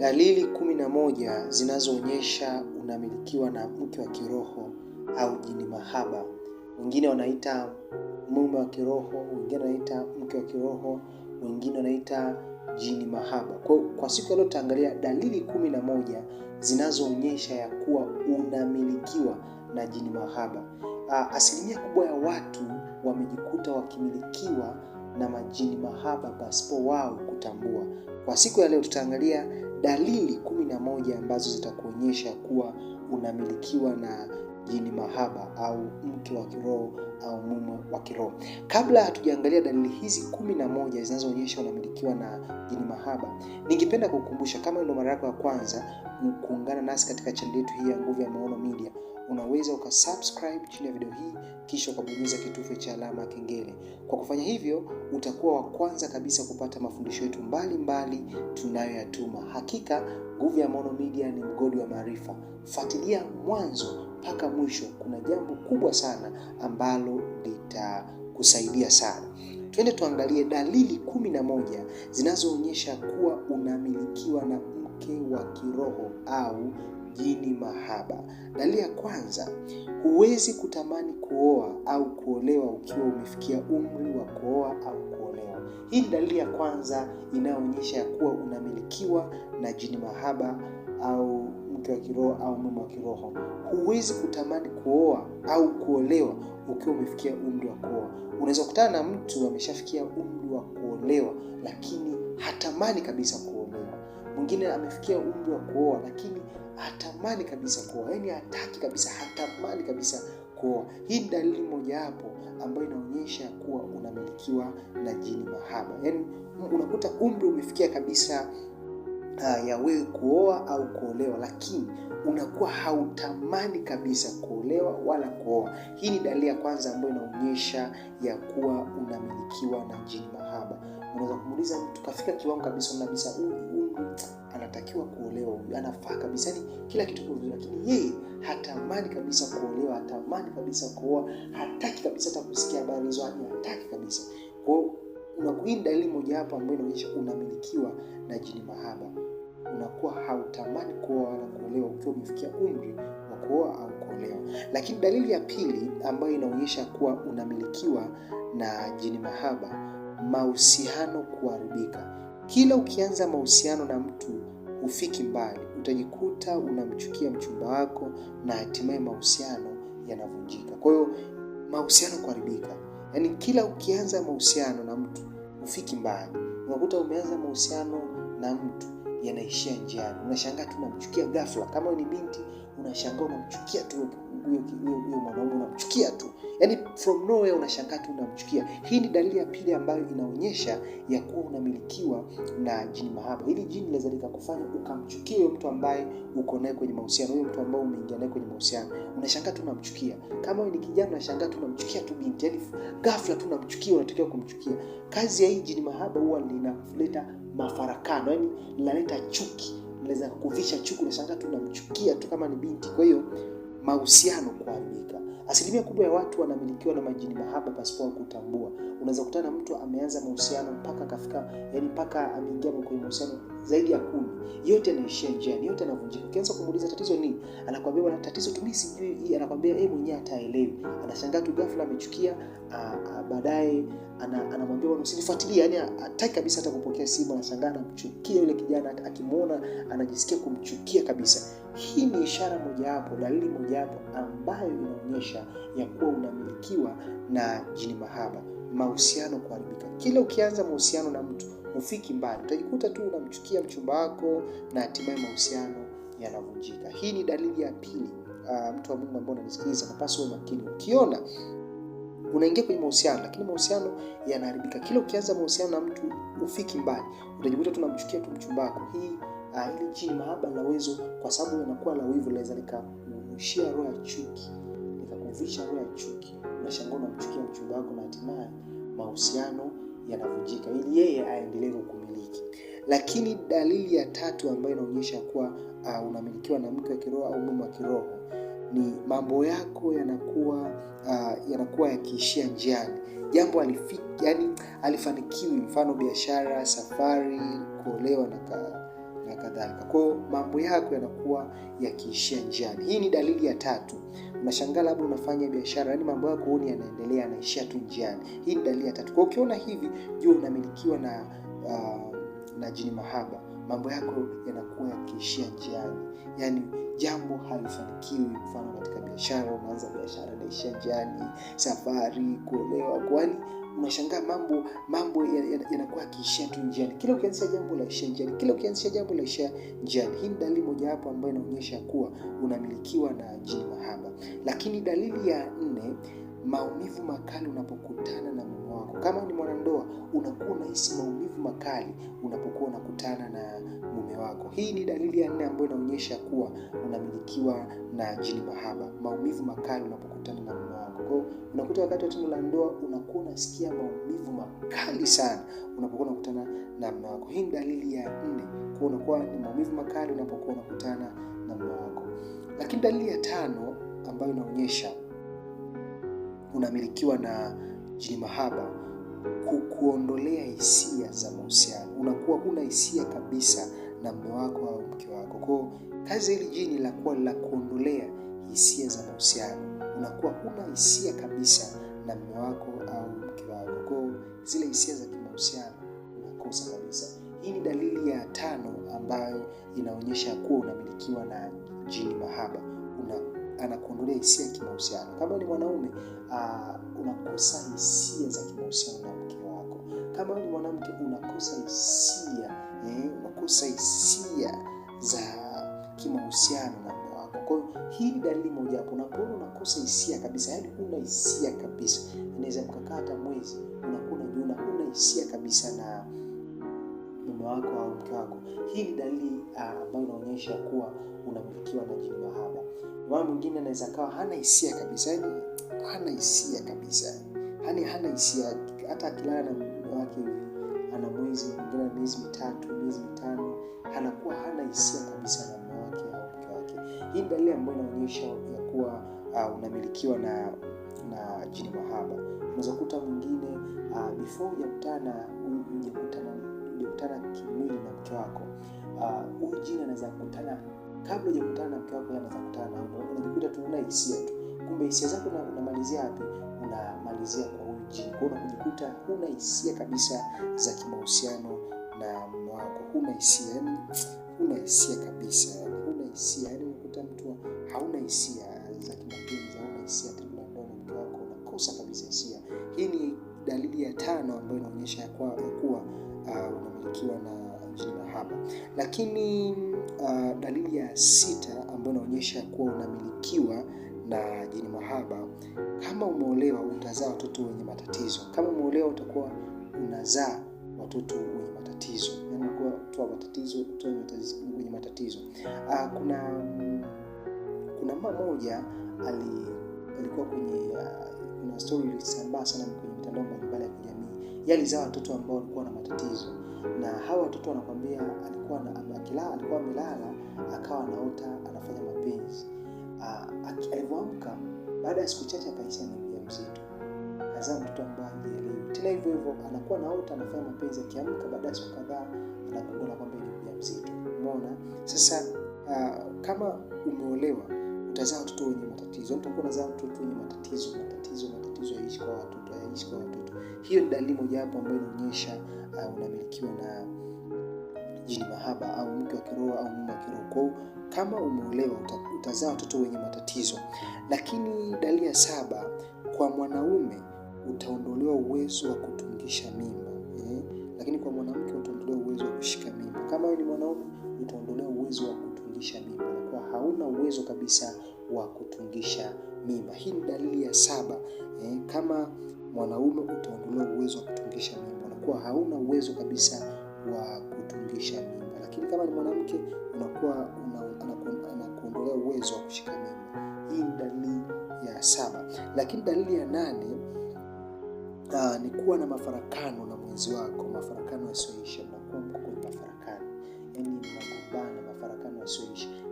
Dalili kumi na moja zinazoonyesha unamilikiwa na mke wa kiroho au jini mahaba. Wengine wanaita mume wa kiroho, wengine wanaita mke wa kiroho, wengine wanaita jini mahaba. Kwa, kwa siku ya leo tutaangalia dalili kumi na moja zinazoonyesha ya kuwa unamilikiwa na jini mahaba. Ah, asilimia kubwa ya watu wamejikuta wakimilikiwa na majini mahaba pasipo wao kutambua. Kwa siku ya leo tutaangalia dalili kumi na moja ambazo zitakuonyesha kuwa unamilikiwa na jini mahaba au mke wa kiroho au mume wa kiroho. Kabla hatujaangalia dalili hizi kumi na moja zinazoonyesha unamilikiwa na jini mahaba, ningependa kukumbusha kama ndo mara yako ya kwanza kuungana nasi katika chaneli yetu hii ya Nguvu ya Maono Media unaweza ukasubscribe chini ya video hii kisha ukabonyeza kitufe cha alama ya kengele. Kwa kufanya hivyo, utakuwa wa kwanza kabisa kupata mafundisho yetu mbalimbali tunayoyatuma. Hakika nguvu ya Maono Media ni mgodi wa maarifa. Fuatilia mwanzo mpaka mwisho, kuna jambo kubwa sana ambalo litakusaidia sana. Twende tuangalie dalili kumi na moja zinazoonyesha kuwa unamilikiwa na mke wa kiroho au mjini mahaba. Dalili ya kwanza, huwezi kutamani kuoa au kuolewa ukiwa umefikia umri wa kuoa au kuolewa. Hii ni dalili ya kwanza inayoonyesha ya kuwa unamilikiwa na jini mahaba au mke wa kiroho au mume wa kiroho. Huwezi kutamani kuoa au kuolewa ukiwa umefikia umri wa kuoa. Unaweza kukutana na mtu ameshafikia umri wa kuolewa, lakini hatamani kabisa kuolewa. Mwingine amefikia umri wa kuoa, lakini hatamani kabisa kuoa, yaani hataki kabisa, hatamani kabisa kuoa. Hii ni dalili mojawapo ambayo inaonyesha kuwa unamilikiwa na jini mahaba, yaani unakuta umri umefikia kabisa Uh, ya wewe kuoa au kuolewa, lakini unakuwa hautamani kabisa kuolewa wala kuoa. Hii ni dalili ya kwanza ambayo inaonyesha ya kuwa unamilikiwa na jini mahaba. Unaweza kumuuliza mtu kafika kiwango kabisa, kabisa anatakiwa kuolewa, huyu anafaa kabisa, ni kila kitu kiko vizuri, lakini yeye hatamani kabisa kuolewa, hatamani kabisa kuoa, hataki kabisa hata kusikia habari hizo, yaani hataki kabisa. Kwa hiyo hii ni dalili mojawapo ambayo inaonyesha unamilikiwa na jini mahaba. Unakuwa hautamani kuoa wala kuolewa ukiwa umefikia umri wa kuoa au kuolewa. Lakini dalili ya pili ambayo inaonyesha kuwa unamilikiwa na jini mahaba, mahusiano kuharibika. Kila ukianza mahusiano na mtu hufiki mbali. Utajikuta unamchukia mchumba wako na hatimaye mahusiano yanavunjika. Kwa hiyo mahusiano kuharibika, yaani kila ukianza mahusiano na mtu hufiki mbali, unakuta umeanza mahusiano na mtu yanaishia njiani, unashangaa tu unamchukia ghafla. Kama ni binti unashangaa unamchukia tu huyo mwanaume, unamchukia tu yaani from nowhere, unashangaa tu unamchukia. Hii ni dalili ya pili ambayo inaonyesha ya kuwa unamilikiwa na jini mahaba. Hili jini inaweza likakufanya ukamchukia huyo mtu ambaye uko naye kwenye mahusiano, huyo mtu ambaye umeingia naye kwenye mahusiano, unashangaa tu unamchukia. Kama ni kijana, unashangaa tu unamchukia tu binti, yaani ghafla tu unamchukia, unatakiwa kumchukia. Kazi ya hii jini mahaba huwa linaleta mafarakano, yaani linaleta chuki mnaweza kuvisha chuku na shangaa tunamchukia tu kama ni binti. Kwa hiyo mahusiano kuharibika. Asilimia kubwa ya watu wanamilikiwa na majini mahaba pasipo kutambua. Unaweza kutana mtu ameanza mahusiano mpaka kafika, yani mpaka ameingia kwenye mahusiano zaidi ya kumi, yote anaishia njiani, yote anavunjika Ukianza kumuuliza tatizo nini, anakwambia bwana, tatizo tumii sijui hii, anakwambia yeye mwenyewe ataelewi. Anashangaa tu ghafla amechukia, baadaye anamwambia bwana, usinifuatilie, yani hataki kabisa hata kupokea simu. Anashangaa anamchukia yule kijana, akimwona anajisikia kumchukia kabisa. Hii ni ishara mojawapo, dalili mojawapo ambayo inaonyesha ya kuwa unamilikiwa na jini mahaba. Mahusiano kuharibika, kila ukianza mahusiano na mtu hufiki mbali. Utajikuta tu unamchukia mchumba wako na hatimaye mahusiano yanavunjika. Hii ni dalili ya pili. Uh, mtu wa Mungu ambaye unanisikiliza napaswa uwe makini. Ukiona unaingia kwenye mahusiano lakini mahusiano yanaharibika, kila ukianza mahusiano na mtu ufiki mbali, utajikuta tunamchukia tu mchumba wako. Hii uh, hili chini mahaba la uwezo, kwa sababu yanakuwa la wivu, laweza likakurushia roho ya chuki, likakuvisha roho ya chuki, unashangaa unamchukia mchumba wako na hatimaye mahusiano yanavunjika ili yeye aendelee kukumiliki. Lakini dalili ya tatu ambayo inaonyesha kuwa uh, unamilikiwa na mke wa kiroho au mume wa kiroho ni mambo yako yanakuwa uh, yanakuwa yakiishia njiani, jambo alifiki, yani alifanikiwi, mfano biashara, safari, kuolewa na na kadhalika. Kwa mambo yako yanakuwa yakiishia njiani. Hii ni dalili ya tatu unashangaa labda unafanya biashara, yaani mambo yako huoni yanaendelea, yanaishia tu njiani. Hii ni dalili ya tatu. Kwa ukiona hivi, jua unamilikiwa na uh, na jini mahaba, mambo yako yanakuwa yakiishia njiani, yani jambo halifanikiwi. Mfano katika biashara, unaanza biashara naishia njiani, safari, kuolewa, kwani unashangaa mambo mambo yanakuwa ya, ya akiishia tu njiani. Kila ukianzisha jambo laishia njiani, kila ukianzisha jambo laishia njiani. Hii ni dalili mojawapo ambayo inaonyesha kuwa unamilikiwa na jini mahaba. Lakini dalili ya nne, maumivu makali unapokutana na mume wako. Kama ni mwanandoa, unakuwa unahisi maumivu makali unapokuwa unakutana na mume wako. Hii ni dalili ya nne ambayo inaonyesha kuwa unamilikiwa na jini mahaba, maumivu makali unapokutana na mume kidogo, unakuta wakati wa tendo la ndoa unakuwa unasikia maumivu makali sana unapokuwa unakutana na mume wako. Hii ni dalili ya nne, kwa unakuwa ni maumivu makali unapokuwa unakutana na mume wako. Lakini dalili ya tano ambayo inaonyesha unamilikiwa na jini mahaba kukuondolea hisia za mahusiano, unakuwa huna hisia kabisa na mume wako au mke wako. Kwao kazi hili jini la kuwa la kuondolea hisia za mahusiano unakuwa huna hisia kabisa na mme wako au mke wako, kwao zile hisia za kimahusiano unakosa kabisa. Hii ni dalili ya tano ambayo inaonyesha kuwa unamilikiwa na jini mahaba, una anakuondolea hisia ya kimahusiano. Kama ni mwanaume uh, unakosa hisia za kimahusiano na mke wako. Kama ni mwanamke unakosa hisia eh, unakosa hisia za kimahusiano na hapo. Kwa hiyo hii dalili moja hapo, unapoona unakosa hisia kabisa, yaani una hisia kabisa, inaweza mkakata mwezi unakuna juna una hisia kabisa na mume wako au mke wako. Hii ni dalili ah, ambayo uh, inaonyesha kuwa unamilikiwa na jini mahaba. Mama mwingine anaweza kawa hana hisia kabisa, yaani hana hisia kabisa, yaani hana hisia hata akilala na mume wake hivi ana mwezi mwingine, miezi mitatu, miezi mitano, anakuwa hana hisia kabisa na hii ni dalili ambayo inaonyesha ya kuwa uh, unamilikiwa na na jini mahaba. Unaweza kuta mwingine uh, before hujakutana hujakutana kimwili na mke wako ah, huyu uh, jini anaweza kukutana kabla hujakutana na mke wako, anaweza kukutana na wewe, unajikuta tu una hisia tu, kumbe hisia zako unamalizia una wapi? Unamalizia kwa huyu jini. Kwa hiyo unajikuta huna hisia kabisa za kimahusiano na mume wako, huna hisia, yani huna hisia kabisa, yani huna hisia yani unakuta mtu hauna hisia za kimapenzi, hauna hisia tendo la ndoa na mke wako, unakosa kabisa hisia. Hii ni dalili ya tano ambayo inaonyesha kuwa uh, unamilikiwa na jinimahaba Lakini uh, dalili ya sita ambayo inaonyesha kuwa unamilikiwa na jini mahaba, kama umeolewa utazaa watoto wenye matatizo. Kama umeolewa utakuwa unazaa watoto wenye matatizo kutoa matatizo kutoa kwenye matatizo. uh, kuna kuna mama moja ali, alikuwa kwenye kuna uh, story ilisambaa sana kwenye mitandao mbalimbali ya kijamii. yali za watoto ambao walikuwa na matatizo, na hawa watoto wanakwambia alikuwa akilala, alikuwa amelala akawa anaota anafanya mapenzi. uh, Alivyoamka baada ya siku chache akahisi ni mjamzito, kazaa mtoto ambaye hajielewi tena, hivyo hivyo anakuwa naota anafanya mapenzi, akiamka baada ya siku kadhaa unapogona kwamba ni mjamzito. Umeona sasa, uh, kama umeolewa utazaa watoto wenye matatizo, mtakuwa yaani unazaa watoto wenye matatizo, matatizo, matatizo yaishi kwa watoto, yaishi kwa watoto. Hiyo ni dalili mojawapo ambayo inaonyesha uh, unamilikiwa na jini mahaba au mke wa kiroho au mume wa kiroho. Kwa kama umeolewa utazaa watoto wenye matatizo. Lakini dalili ya saba, kwa mwanaume utaondolewa uwezo wa kutungisha mimba eh? Lakini kwa mwanamke uwezo wa kushika mimba. Kama wewe ni mwanaume, utaondolewa uwezo wa kutungisha mimba, kwa hauna uwezo kabisa wa kutungisha mimba. Hii ni dalili ya saba. Eh, kama mwanaume utaondolewa uwezo wa kutungisha mimba, unakuwa hauna uwezo kabisa wa kutungisha mimba. Lakini kama ni mwanamke, unakuwa anakuondolea uwezo wa kushika mimba. Hii ni dalili ya saba. Lakini dalili ya nane ah, ni kuwa na mafarakano na mwenzi wako, mafarakano yasiyoisha.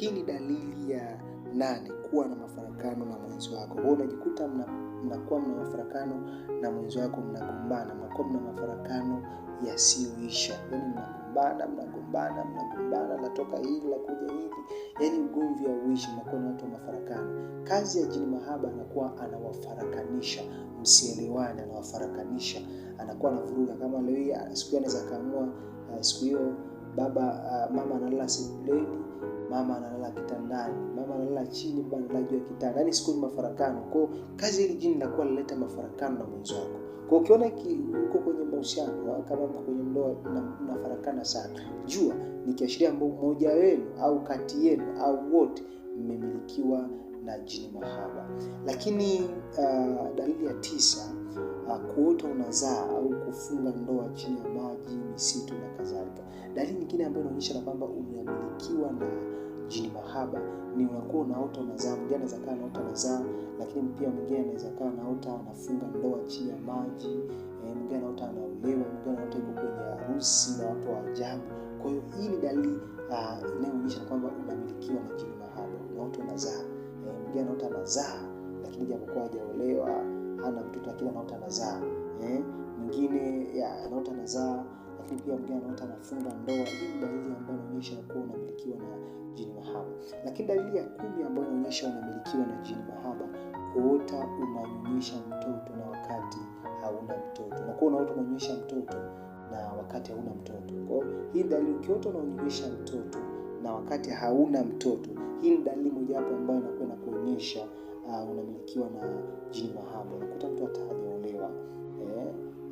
Hii ni dalili ya nane, kuwa na mafarakano na mwenzi wako. kwao unajikuta mnakuwa mna mafarakano na mwenzi wako, mnagombana, mnakuwa mna mafarakano yasiyoisha, yani mnagombana, mnagombana, mnagombana, natoka hivi lakuja hivi, yani ugomvi uishi mnakuwa na watu wa mafarakano. Kazi ya jini mahaba anakuwa anawafarakanisha, msielewane, anawafarakanisha, anakuwa anavuruga. Kama leo hii siku anaweza akaamua eh, siku hiyo baba uh, mama analala sebuleni, mama analala kitandani, mama analala chini, baba analala juu ya kitanda, yani siku ni mafarakano. kwao kazi hili jini linakuwa linaleta mafarakano na mwenzi wako. Kwa ukiona uko kwenye mahusiano kama mko kwenye ndoa mnafarakana sana, jua ni kiashiria ambao mmoja wenu au kati yenu au wote mmemilikiwa na jini mahaba. Lakini uh, dalili ya tisa kuota unazaa au kufunga ndoa chini ya maji, misitu na kadhalika. Dalili nyingine ambayo inaonyesha na kwamba unamilikiwa na jini mahaba ni unakuwa unaota unazaa. Mwingine anaweza kaa anaota unazaa, lakini pia mwingine anaweza kaa anaota anafunga ndoa chini ya maji, eh, mwingine anaota anaolewa, mwingine anaota yuko kwenye harusi na watu wa ajabu. Kwa hiyo hii ni dalili uh, inayoonyesha kwamba unamilikiwa na jini mahaba, unaota unazaa, eh, mwingine anaota anazaa lakini japokuwa hajaolewa ana mtoto, lakini anaota anazaa eh, mwingine anaota anazaa, lakini pia mwingine anaota anafunga ndoa. Hii dalili ambayo inaonyesha kuwa unamilikiwa na jini mahaba. Lakini dalili ya kumi ambayo inaonyesha unamilikiwa na jini mahaba, kuota unanyonyesha mtoto na wakati hauna mtoto. Unakuwa unaota unanyonyesha mtoto na wakati hauna mtoto. Kwa hiyo hii dalili, ukiota unanyonyesha mtoto na wakati hauna mtoto, hii ni dalili mojawapo ambayo inakuwa inakuonyesha uh, unamilikiwa na jini mahaba. Unakuta mtu hata hajaolewa eh,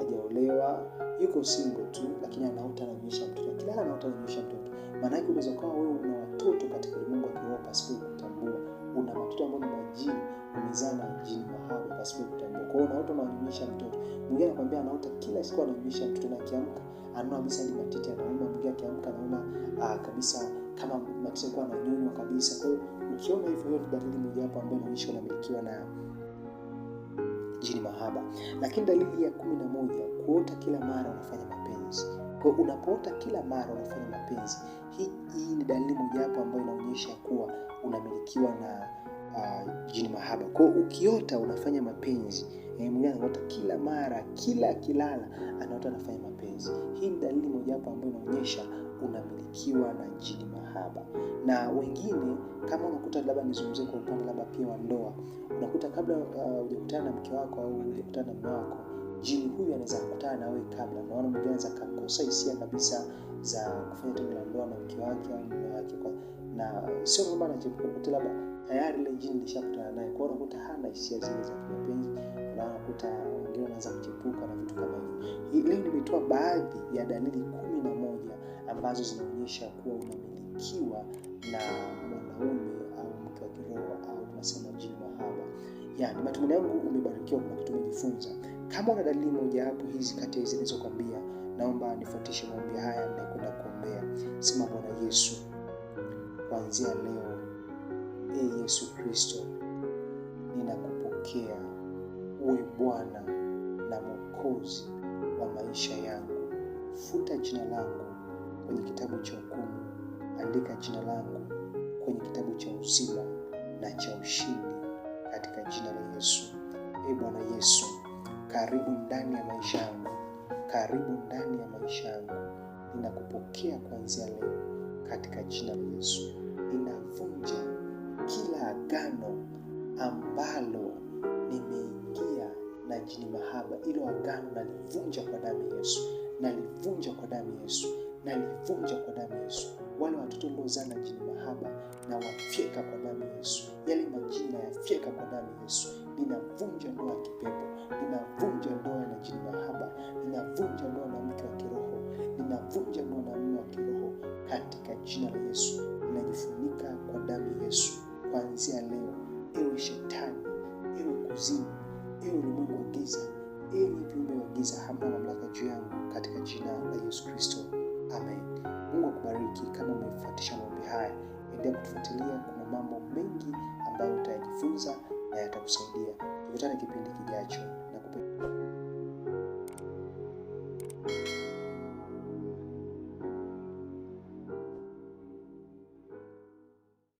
ajaolewa yuko single tu, lakini anaota ananyonyesha mtoto, akilala anaota ananyonyesha mtoto. Maana yake unaweza kuwa wewe una watoto katika ulimwengu wa kiroho pasipo kutambua, una watoto ambao ni majini, umezaa na jini mahaba pasipo kutambua. Kwa hiyo unaota unanyonyesha mtoto. Mwingine anakwambia anaota kila siku ananyonyesha mtoto, na akiamka anaona kabisa hadi matiti anauma. Mwingine akiamka anaona uh, kabisa kama matakuwa na nyonywa kabisa. Kwa hiyo ukiona hivyo, hiyo ni dalili mojawapo ambayo inaonyesha unamilikiwa na jini mahaba. Lakini dalili ya kumi na moja, kuota kila mara unafanya mapenzi. Kwa hiyo unapoota kila mara unafanya mapenzi, hii ni dalili mojawapo ambayo inaonyesha kuwa unamilikiwa na uh, jini mahaba. Kwa hiyo ukiota unafanya mapenzi eh, mwingine anaota kila mara, kila akilala anaota anafanya mapenzi. Hii ni dalili mojawapo ambayo inaonyesha unamilikiwa na jini mahaba. Na wengine kama unakuta, labda nizungumzie kwa upande labda pia wa ndoa, unakuta kabla uh, hujakutana uh, na mke wako au hujakutana na mume wako, jini huyu anaweza kukutana na wewe kabla. Naona mwingine anaweza kakosa hisia kabisa za kufanya tendo la ndoa na mke wake au mume wake, na sio kwamba anachepuka, labda tayari ile jini lishakutana naye, kwao unakuta hana hisia zile za kimapenzi na unakuta wengine wanaweza kuchepuka na vitu kama hivyo. Leo nimetoa baadhi ya dalili kumi na ambazo zinaonyesha kuwa unamilikiwa na mwanaume au mke wa kiroho au tunasema jini mahaba Hawa. Yani, matumani yangu umebarikiwa kuna kitu umejifunza. Kama una dalili mojawapo hizi kati ya hizi nilizokwambia, naomba nifuatishe maombi haya nakwenda kuombea. Sema, Bwana Yesu, kuanzia leo, e Yesu Kristo, ninakupokea uwe Bwana na Mwokozi wa maisha yangu. Futa jina langu kwenye kitabu cha hukumu, andika jina langu kwenye kitabu cha uzima na cha ushindi katika jina la Yesu. e Bwana Yesu, karibu ndani ya maisha yangu, karibu ndani ya maisha yangu. Ninakupokea kuanzia leo katika jina la Yesu. Ninavunja kila agano ambalo nimeingia na jini mahaba, ilo agano nalivunja kwa damu ya Yesu, nalivunja kwa damu ya Yesu na kwa damu Yesu. Wale watoto waliozaa na jini mahaba na wafyeka kwa damu Yesu, yale majina yafyeka kwa damu yesu Yesu. Ninavunja ndoa ya kipepo, ninavunja ndoa na jini mahaba, ninavunja ndoa na mke wa kiroho, ninavunja ndoa na mume wa kiroho katika jina la Yesu. Ninajifunika kwa damu Yesu kuanzia leo, ewe shetani, ewe kuzimu, ewe ulimwengu wa giza, enyi viumbe wa giza, hamna mamlaka juu yangu katika jina la Yesu Kristo. Amen. Mungu akubariki kama umefuatisha maombi haya. Endelea kutufuatilia, kuna mambo mengi ambayo utayajifunza na yatakusaidia. Tukutane kipindi kijacho.